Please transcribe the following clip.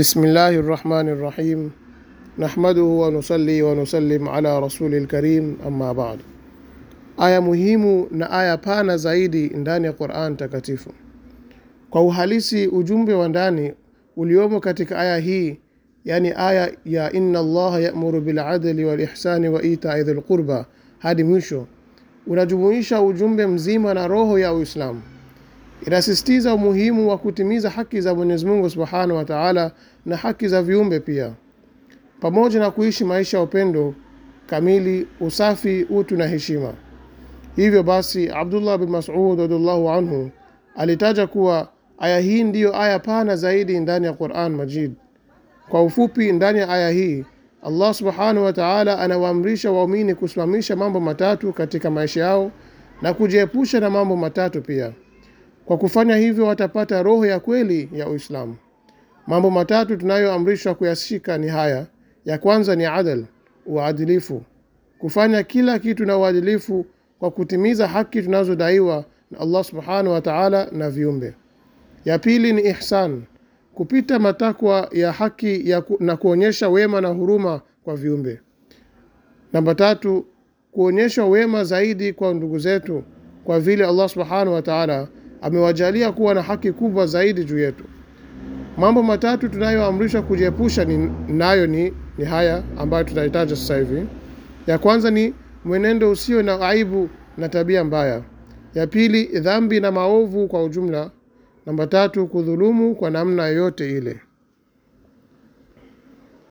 Bismillahi rrahmani rahim nahmaduhu wanusali wanusallim ala rasuli lkarim amma badu. Aya muhimu na aya pana zaidi ndani ya Quran takatifu. Kwa uhalisi, ujumbe wa ndani uliomo katika aya hii, yani aya ya inna llaha yamuru biladli walihsani wa itai dhilqurba hadi mwisho, unajumuisha ujumbe mzima na roho ya Uislamu inasisitiza umuhimu wa kutimiza haki za Mwenyezi Mungu Subhanahu wa Ta'ala na haki za viumbe pia, pamoja na kuishi maisha ya upendo kamili, usafi, utu na heshima. Hivyo basi, Abdullah bin Mas'ud radhiallahu anhu alitaja kuwa aya hii ndiyo aya pana zaidi ndani ya Qur'an Majid. Kwa ufupi, ndani ya aya hii Allah Subhanahu wa Ta'ala anawaamrisha waumini kusimamisha mambo matatu katika maisha yao na kujiepusha na mambo matatu pia. Kwa kufanya hivyo watapata roho ya kweli ya Uislamu. Mambo matatu tunayoamrishwa kuyashika ni haya. Ya kwanza ni adl, uadilifu, kufanya kila kitu na uadilifu kwa kutimiza haki tunazodaiwa na Allah subhanahu wa taala na viumbe. Ya pili ni ihsan, kupita matakwa ya haki ya ku, na kuonyesha wema na huruma kwa viumbe. Namba tatu, kuonyesha wema zaidi kwa ndugu zetu, kwa vile Allah subhanahu wa taala amewajalia kuwa na haki kubwa zaidi juu yetu. Mambo matatu tunayoamrishwa kujiepusha ni, nayo ni, ni haya ambayo tunahitaji sasa hivi. Ya kwanza ni mwenendo usio na aibu na tabia mbaya. Ya pili, dhambi na maovu kwa ujumla. Namba tatu, kudhulumu kwa namna yoyote ile.